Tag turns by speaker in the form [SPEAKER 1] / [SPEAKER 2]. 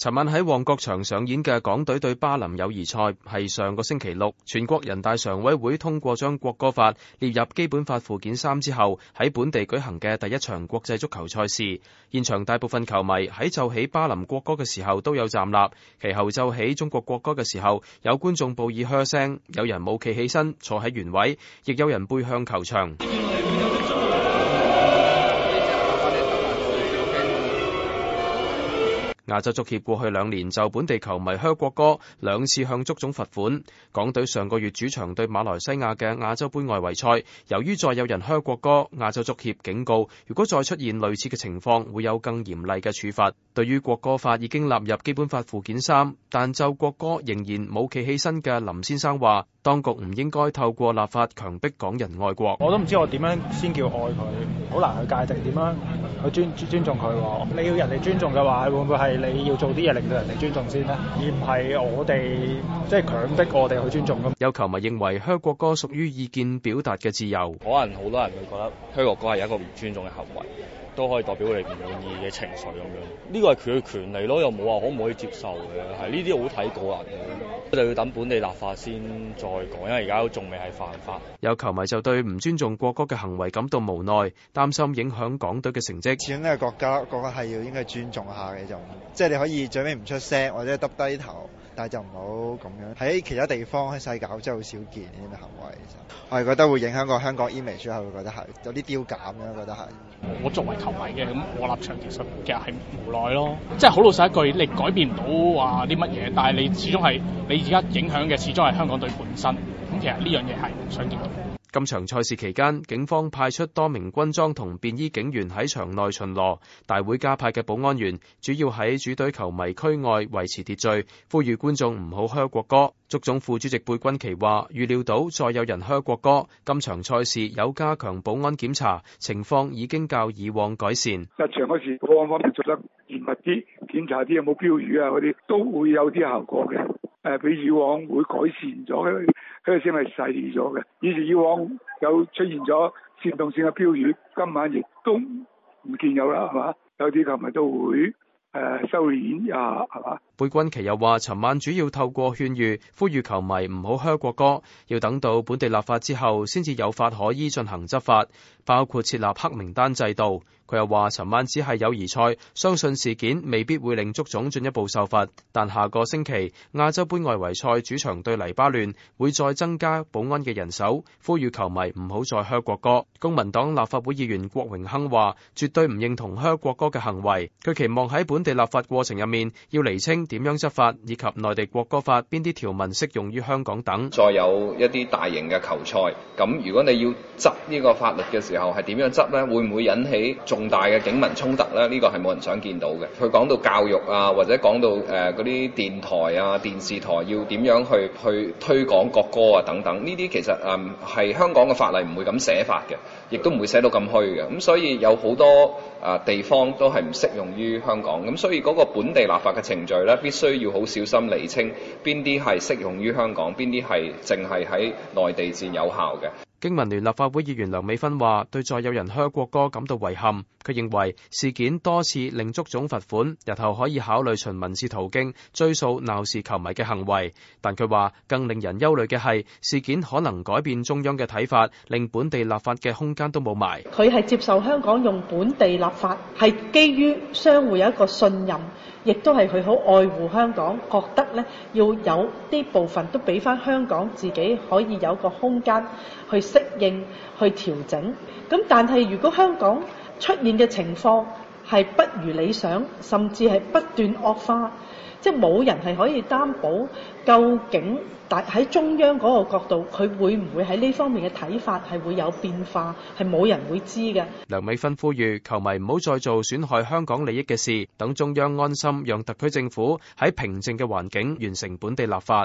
[SPEAKER 1] 尋晚喺旺角場上演嘅港隊對巴林友誼賽，係上個星期六，全國人大常委會通過將國歌法列入基本法附件三之後，喺本地舉行嘅第一場國際足球賽事。現場大部分球迷喺奏起巴林國歌嘅時候都有站立，其後奏起中國國歌嘅時候，有觀眾報以噓聲，有人冇企起身坐喺原位，亦有人背向球場。亞洲足協過去兩年就本地球迷嘘國歌兩次向足總罰款，港隊上個月主場對馬來西亞嘅亞洲杯外圍賽，由於再有人嘘國歌，亞洲足協警告，如果再出現類似嘅情況，會有更嚴厲嘅處罰。對於國歌法已經納入基本法附件三，但奏國歌仍然冇企起身嘅林先生話，當局唔應該透過立法強迫港人愛國。我都唔知我點樣先叫愛佢，好難去界定點樣。去尊尊重佢，你要人哋尊重嘅話，會唔會係你要做啲嘢令到人哋尊重先咧？而唔係我哋即係強迫我哋去尊重。咁有球迷認為，噓國歌屬於意見表達嘅自由，
[SPEAKER 2] 可能好多人會覺得噓國歌係一個唔尊重嘅行為，都可以代表佢哋唔滿意嘅情緒。咁樣
[SPEAKER 1] 呢個係佢嘅權利咯，又冇
[SPEAKER 2] 話可唔可以接受嘅，係呢啲好睇個人嘅。就要等本地立法先再講，因為而家都仲未係犯法。
[SPEAKER 1] 有球迷就對唔尊重國歌嘅行為感到無奈，擔心影響港隊嘅成績。始終咧，國家國家係要應該尊重下嘅就，即係你可以最尾唔出聲，或者耷低頭。但就唔好咁樣，喺其他地方，喺世界真係好
[SPEAKER 2] 少見呢啲行為。其實
[SPEAKER 1] 我係覺得會影響個香港 image，我會覺得係有啲丟減咯。覺得係我作為球迷嘅咁，我立場其實其實係無奈咯。即係好老實一句，你改變唔到話啲乜嘢，但係你始終係你而家影響嘅始終係香港隊本身。咁其實呢樣嘢係唔想見到。今場賽事期間，警方派出多名軍裝同便衣警員喺場內巡邏。大會加派嘅保安員主要喺主隊球迷區外維持秩序，呼籲觀眾唔好噓國歌。足總副主席貝鈞奇話：預料到再有人噓國歌，今場賽事有加強保安檢查，情況已經較以往改善。
[SPEAKER 2] 入場嗰時，保安方面做得嚴密啲，檢查啲有冇標語啊嗰啲，都會有啲效果嘅。欸，比以往會改善咗。即係先係細咗嘅，以前以往有出現咗煽動性嘅標語，今晚亦都唔見有啦，係嘛？有啲琴日都會誒、呃、收斂啊，係
[SPEAKER 1] 嘛？貝鈞奇又話：琴晚主要透過勸喻，呼籲球迷唔好噓國歌，要等到本地立法之後，先至有法可依進行執法，包括設立黑名單制度。佢又話：琴晚只係友誼賽，相信事件未必會令足總進一步受罰。但下個星期亞洲盃外圍賽主場對黎巴嫩，會再增加保安嘅人手，呼籲球迷唔好再噓國歌。公民黨立法會議員郭榮鏗話：絕對唔認同噓國歌嘅行為。佢期望喺本地立法過程入面，要厘清。點樣執法，以及內地國歌法邊啲條文適用於香港等，再有一
[SPEAKER 2] 啲大型嘅球賽，咁如果你要執呢個法律嘅時候，係點樣執呢？會唔會引起重大嘅警民衝突呢？呢個係冇人想見到嘅。佢講到教育啊，或者講到誒嗰啲電台啊、電視台要點樣去去推廣國歌啊等等，呢啲其實誒係、呃、香港嘅法例唔會咁寫法嘅，亦都唔會寫到咁虛嘅。咁所以有好多啊地方都係唔適用於香港，咁所以嗰個本地立法嘅程序呢。必須要好小心釐清邊啲係適用於香港，邊啲係淨係喺內地至有效嘅。
[SPEAKER 1] 經民聯立法會議員梁美芬話，對再有人噓國歌感到遺憾。佢認為事件多次令足總罰款，日後可以考慮循民事途徑追訴鬧事球迷嘅行為。但佢話，更令人憂慮嘅係事件可能改變中央嘅睇法，令本地立法嘅空間都冇埋。
[SPEAKER 2] 佢係接受香港用本地立法，係基於相互有一個信任，亦都係佢好愛護香港，覺得咧要有啲部分都俾翻香港自己可以有個空間去適應、去調整。咁但係如果香港出現嘅情況係不如理想，甚至係不斷惡化。即係冇人係可以擔保，究竟但喺中央嗰個角度，佢會唔會喺呢方面嘅睇法係會有變化？係冇人會知嘅。
[SPEAKER 1] 梁美芬呼籲球迷唔好再做損害香港利益嘅事，等中央安心，讓特區政府喺平靜嘅環境完成本地立法。